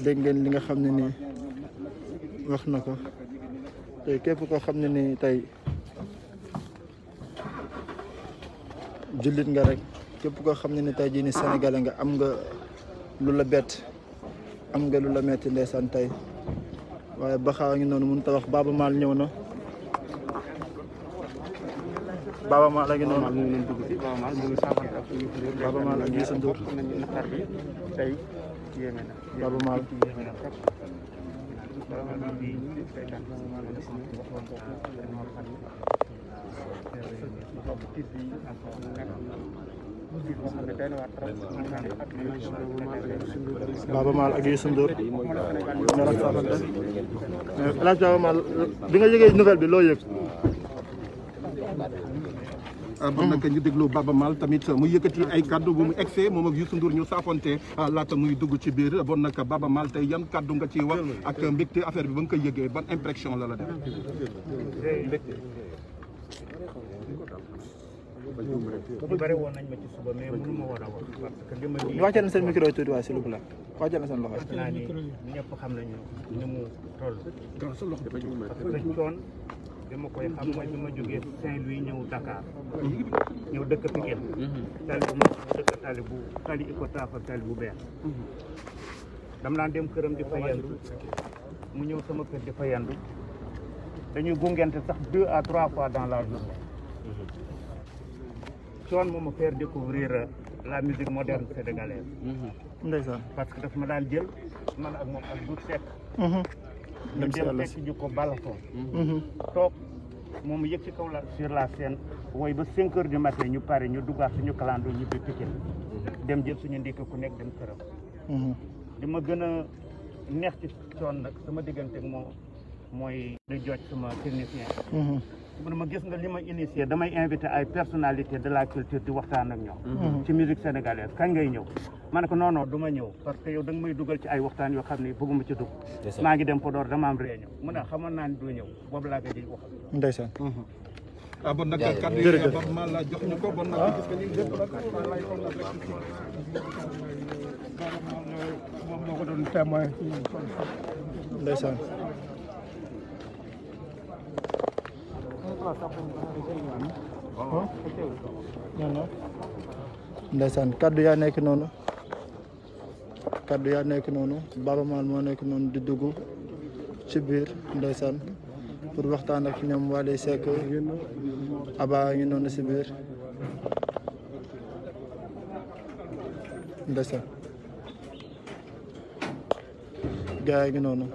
dégg ngeen li nga xam ne nii wax na ko te képp koo xam ne nii tey jullit nga rek képp koo xam ne ne tey jii ni sénégalais nga am nga lu la bett am nga lu la metti ndeysaan tey waaye baxaa ngi noonu mun ta wax Baaba Maal ñëw na a ngi noonu Baaba Maal ak Youssou Ndour Baaba Maal Baaba Maal Baaba Maal ak Youssou Ndour bi nga yëgee nouvelle bi loo yëg ba ah, nag ñu déglu Baba Maal tamit muy yëkkati ay kaddu bu mu egsee moom ak Youssou Ndour ñu saafonte ah, laata muy dugg ci biir bon nag Baba Maal tey yan kaddu nga ci wax ak mbégte affaire bi ba nga koy yëgee ban impression la la def ñu bëri woon nañ ma ci suba mais mënu ma war a wax parce que li ma di wàcce na seen micro yi tuuti waaye s'il vous plaît wàcce na seen loxo yi naa ni ñëpp xam nañu ni mu toll parce que coon dama koy xam mooy bi ma jógee Saint-Louis ñëw Dakar ñëw dëkk Pikine tali bu mag dëkk tali bu tali Icotaf ak tali bu beer dam naan dem këram di fa yendu mu ñëw sama kër di fa yendu dañuy gungente sax deux à trois fois dans la journée coon moom a faire découvrir euh, la musique moderne sénégalaise. Mhm. parce que daf ma daan jël man ak moom ak Doudou Seck. Mhm. ñu dem fekk ji ko Balaton. Mhm. toog moom yëg ci kaw la sur la scène woy ba cinq heures du matin ñu pare ñu duggaat suñu clando ñibbi Pikine dem jël suñu ndékki ku nekk dem këram. li ma gën a neex ci coon nag sama diggante moo mooy di jooj sama technicien. mu ne ma gis nga li ma initié damay invité ay personnalité de la culture di waxtaan ak ñoom mm-hmm. ci musique sénégalaise kañ ngay ñëw ma ne ko non non du ma ñëw parce que yow da nga may dugal ci ay waxtaan yoo xam ne bëgguma ci dugg maa ngi dem Podor dama am réunion mu ne xamoon naa ni du ñëw boobu laa ko ji wax ndeysaan mm-hmm. ah bon nag kàddu yi ba ma la jox ñu ma bon nag gis nga ñun lépp nag lay kon nag rek moom moo ko doon témoin ndeysaan ndeysaan kaddu yaa nekk noonu kaddu yaa nekk noonu babamaan moo nekk noonu di dugg ci biir ndeysaan pour waxtaan ak ñoom Wally Seck abaa ngi noonu si biir ndeysaan gaa yi ngi noonu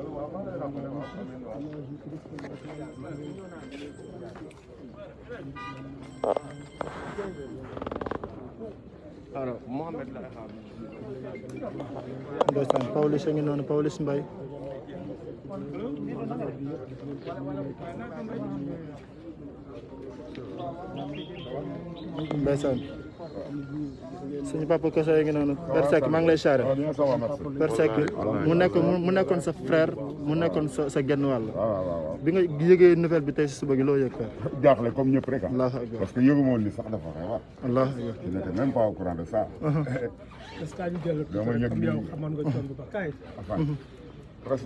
ndeysaan Pawlish a ngi noonu Pawlish Mbaye ndeysaan suñu papa Koso yi ngi noonu. Père Seck maa ngi lay siyaare. Père Seck mu nekk mu nekkoon sa frère mu nekkoon sa sa genn wàll. bi nga yëgee nouvelle bi tey si suba gi loo yëg Père. jaaxle comme ñëpp rek ah. parce que yëgu ma woon ni sax dafa xew ah. allah je n'étais même pas au courant de que ñu jël comme yow xamoon nga coono ba kaay. presque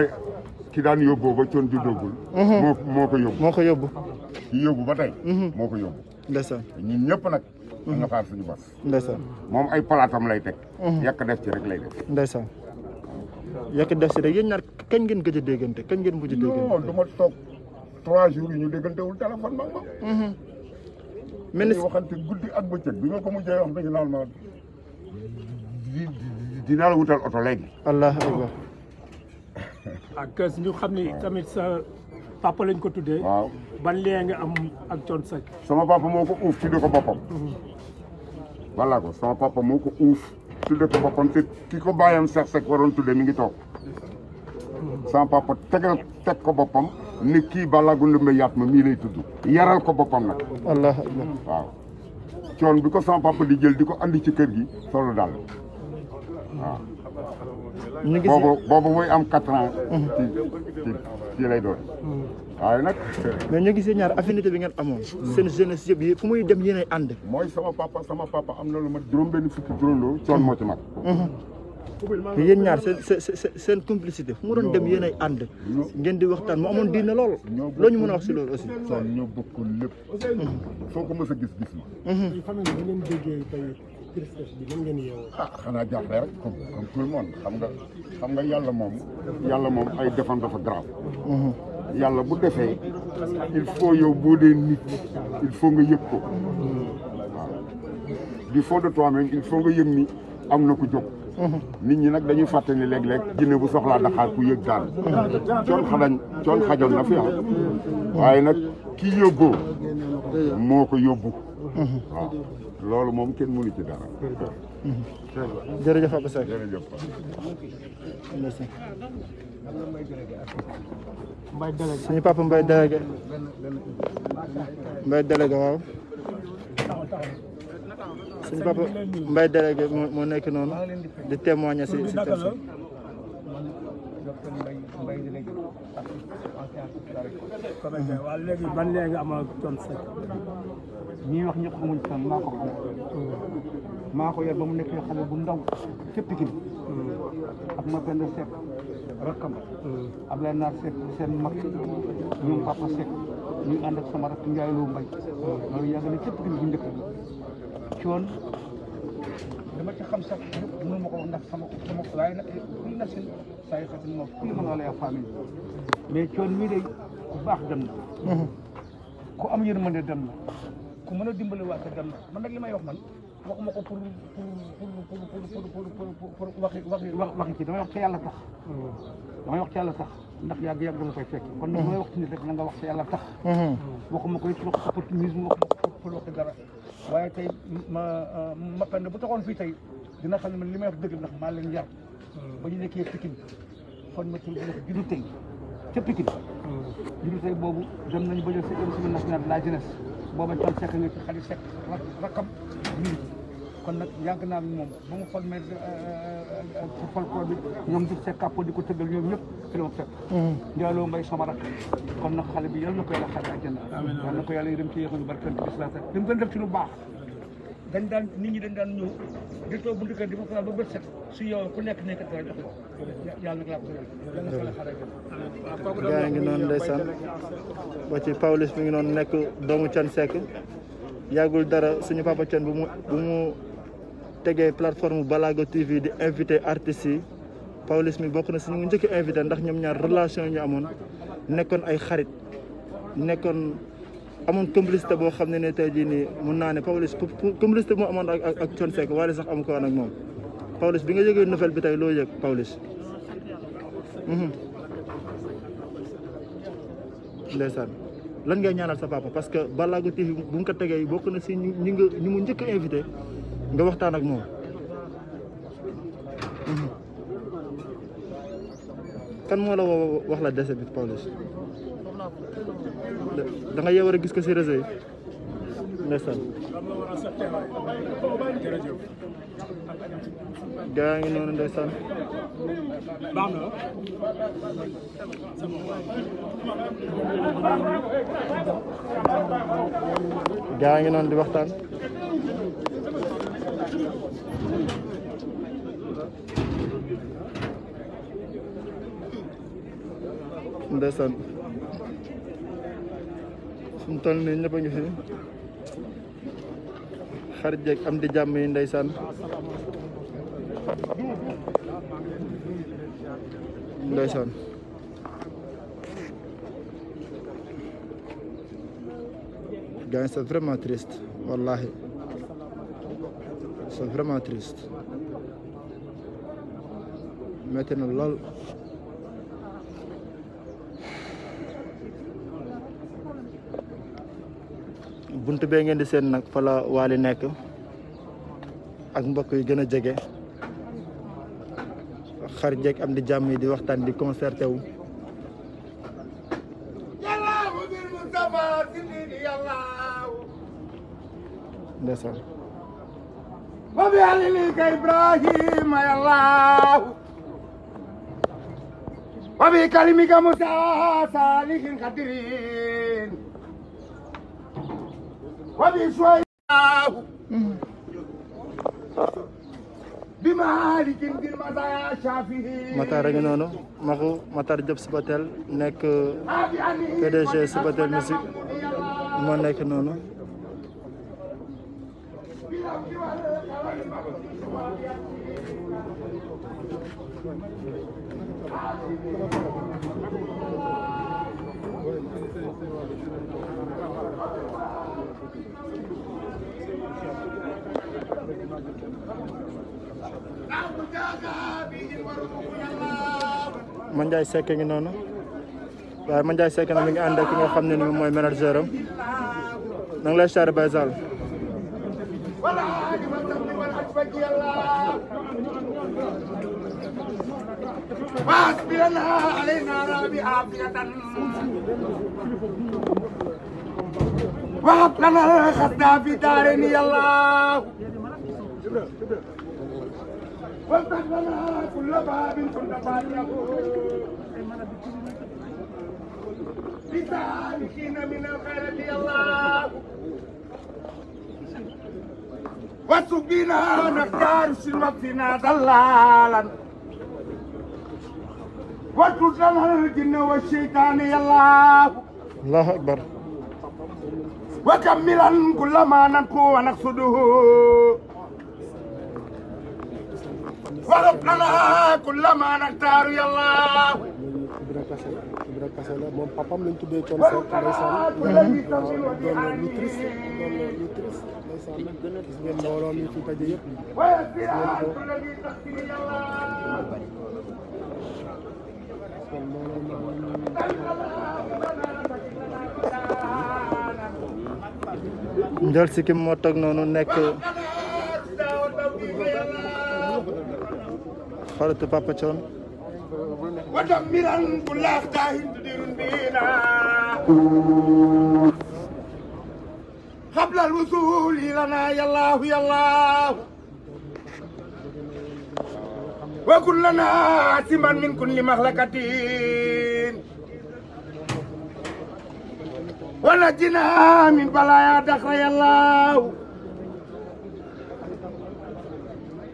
dama ki daan yóbboo ba coon juddoogul. Mhm. moo moo ko yóbbu moo ko yóbbu. ki yóbbu ba tey. Mhm. moo ko nag. Mhm. dañu xaar suñu bas. ndeysaan moom ay palaatam lay teg. yàq def ci rek lay def. ndeysaan yàq def ci rek yéen ñaar kañ ngeen gëj a déggante kañ ngeen mujj a déggante. non du ma toog trois jours yi ñu déggantewul téléphone ma moom. mel ni waxante wutal oto léegi. allah akbar ak ah, ñu xam ni tamit sa lañ ko tuddee. waaw ban lien nga am ak Thione Seck. sama papa moo ko uuf tuddee mm-hmm. ko boppam. sama papa moo ko uuf tuddee ko boppam te ko bàyyam Seex Seck waroon mi ngi toog. Mm-hmm. sama papa teg ko boppam ni kii Balago Ndoumbé yaat ma mii lay tudd yaral ko boppam nag. allah waaw. coon bi ko sama papa di jël di ko andi ci kër gi solo daal waaw. ñu gis boobu boobu muy am quatre ans. ci ci lay doon. Hmm. mais ñu gisee ñaar affinité bi ngeen amoon. Hmm. seen jeunesse yëpp yi fu muy dem yéenay ànd. mooy sama papa sama papa am na lu ma juróom benn fukki juróom coon hmm. moo ci mag. te yéen ñaar seen seen seen complicité fu mu doon dem yéen ay ngeen di waxtaan mu amoon diine lool. loo ñu mën a wax si loolu aussi. ñoo bokk lépp. ko mës a gis gis ma. tristesse bi nan ngeen yeewoo. ah xanaa jaaxle rek comme comme tout xam nga xam nga yàlla moom. yàlla moom ay defam dafa grave. Mhm. yàlla bu defee il faut yow boo dee nit il faut nga yëg ko. waaw du fond de toi-même il faut nga yëg ni am na ku jóg. Mhm. nit ñi nag dañuy fàtte ni léeg-léeg jinne bu soxlaa daxaar ku yëg daal coon xadañ coon xajoon na fi ah mhm. waaye nag ki yóbboo moo ko yóbbu waaw loolu moom kenn mënu ci dara. jërëjëf Abdou Seck jërëjëf Mbaye délégué suñu papa Mbaye délégué Mbaye délégué waaw suñu papa Mbaye délégué moo nekk noonu di témoigner si si commerçant waaw léegi ban léegi amal tonne sec. ñii wax ñëpp mu tonne maa ko xam. maa ko yor mu nekkee xale bu ndaw ca Pikine. ak ma benn sec rakkam. Ablaye Naar sec seen mag ñoom papa sec ñu ànd sama rakk Ndiaye Lo Mbaye. loolu yàgg na ca coon dama ci xam sax yëpp mënu ma ko wax ndax sama sama waaye nag kuy na seen saa yu xasin moom kuy mën wala yaa famille mais coon mii day ku baax dem na mhm. ku am yërmande dem na ku mën a dimbali waa dem na man nag li may wax man waxuma ko pour pour pour pour waxi waxi ci damay wax ci yàlla tax mhm. damay wax ci yàlla tax ndax yàgg yàgg dama koy fekk kon nag mhm. damay wax ci nit rek na nga wax ci yàlla tax waxuma ko it wax opportunisme wax pour waxi dara waaye tey ma ma pend bu taxoon fii tey dina xam ne man li may wax dëgg ndax maa leen yar ba ñu nekkee Pikine fan ma tur bi ndax juddu tey ca Pikine hmm. juddu tey boobu dem nañu ba jël seen émission nationale de la jeunesse booba tam sekk nga ci xali sekk rakkam juddu kon nag yàgg naa moom ba mu xol mais euh, euh, euh, ci folklore bi ñoom di see kàppo di ko tëggal ñoom ñëpp ci la ma fekk mm. njaaloo ngay sama rak kon nag xale bi yal na ko yàlla xale àjjana yal na ko yàlla yërëm ci yéexuñu barkan bi islaam li mu doon def ci lu baax dañ daan nit ñi dañ daan ñëw di toog buntu kër di fa fanaan ba bët set su yow ku nekk nekk dara jox la yàlla nag laa ko yàlla gaa ngi noonu ndeysaan ba ci Pawlish mi ngi noonu nekk doomu Thione Seck yàggul dara suñu papa Thione bu mu bu mu tegee plateforme Balago TV di invité artistes yi Pawlish mi bokk na si ñu njëkk invité ndax ñoom ñaar relation ñu amoon nekkoon ay xarit nekkoon amoon complicité boo xam ne ne tey jii nii mun naa ne Pawlish complicité moo amoon ak ak waaye sax am ko woon ak moom Pawlish bi nga yëgee nouvelle bi tey loo yëg Pawlish. Mhm. ndeysaan lan ngay ñaanal sa papa parce que Balago TV bu nga ko tegee bokk na si ñu ñu mu njëkk invité. nga waxtaan ak moom mhm. kan moo la woo wax la décès bi Pawlish da nga yeewar a gis ko si réseau yi gaa ngi noonu ndeysaan gaa ngi noonu di waxtaan ndeysaan suñu toll nii ñëpp a ngi fi xarit am di jàmm yi ndeysaan ndeysaan gars c'est vraiment triste wallahi c'est vraiment triste metti na lool bunt bee ngeen di seen nag fa la nekk ak mbokk yi gën a jege xar am di jàmm yi di waxtaan di concerté wu ndeysaan ba bi alilika ibrahima yallahu ba bi kalimika musa salihin وبشوياه Matar a ngi noonu maxu Matar Diop Subatel nekk PDG Subatel musique moo nekk noonu Mandiaye Seck ngi noonu waaye Mandiaye Seck na mi ngi ànd ki nga xam ne ni moom mooy manager am na nga lay char Baye وهب لنا الخسنا في دارين يا الله وافتح لنا كل باب كل باب لسالكين من الخير يا الله وسقينا نختار شربتنا دلالا وتجلنا الجن والشيطان يا الله الله اكبر وكملا كل ما ننقو ونقصده وغب لنا كل ما نختار يا الله Ibra Kassé la moom papam lañ tuddee Thione Seck ndeysaan doon lu triste doon lu triste ndeysaan gis ngeen mbooloo mi fi taje yëpp gis ngeen ko kon mbooloo mi Njool Sikkim noonu nekk xaritu Papa Thion wata miran bu laaf daa hindidirun biina xabla alwusul ilana yallaahu yallaahu wa kun lana siman min kulli mahlakatin ونجنا من بلايا دخري الله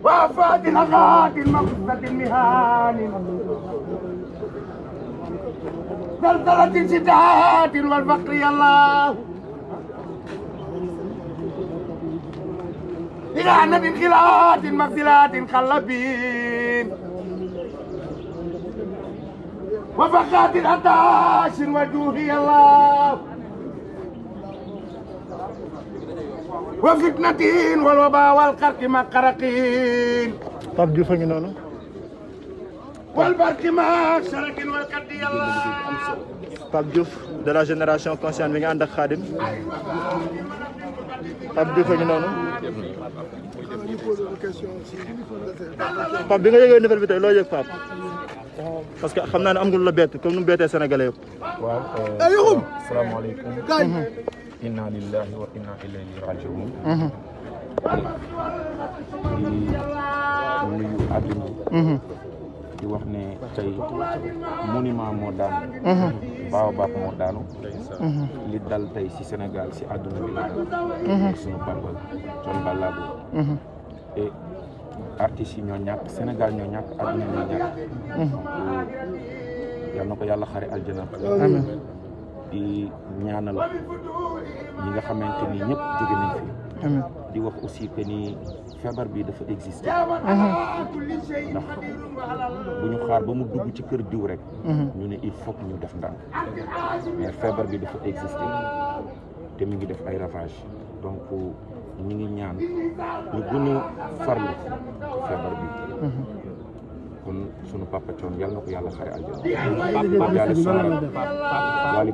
وافات الغاد المقصد المهان زلزلة شتات والفقر يا الله إلى أن خلات مغسلات خلبين وفقات أتاش وجوهي الله وفتنتين والوباء والقرق ما قرقين طب جوفا نونو والبرك ما سرق والكد يلا Pape Diouf de la génération consciente bi nga ànd ak Khadim Pape Diouf a ngi noonu Pape bi nga yëgee nouvelle bi tey loo yëg Pape parce que xam naa ne am nga lu la bett comme nu mu bettee Sénégalais yëpp waaw euh, salaamaaleykum inna lillahi wa inna ilayhi rajiun mhm. di nuyu àddina mhm. di wax ne tey monument moo daanu mhm. baobab moo daanu li dal tey si Sénégal si àdduna bi la dal suñu Bamba Thione Ballago et artistes yi ñoo ñàkk Sénégal ñoo ñàkk àdduna ñoo ñàkk yal na ko yàlla xare aljana amiin di la ñi nga xamante ni ñëpp jóge nañ fi. di wax aussi que ni feebar bi dafa exister. ndax bu ñu xaar ba mu dugg ci kër diw rek. ñu ne il faut ñu def ndànk. mais feebar bi dafa existe te mi ngi def ay ravage donc ñu ngi ñaan ñu gën a farlu feebar bi. kon sunu papa Thione yàlla na ko yàlla xare àjjana.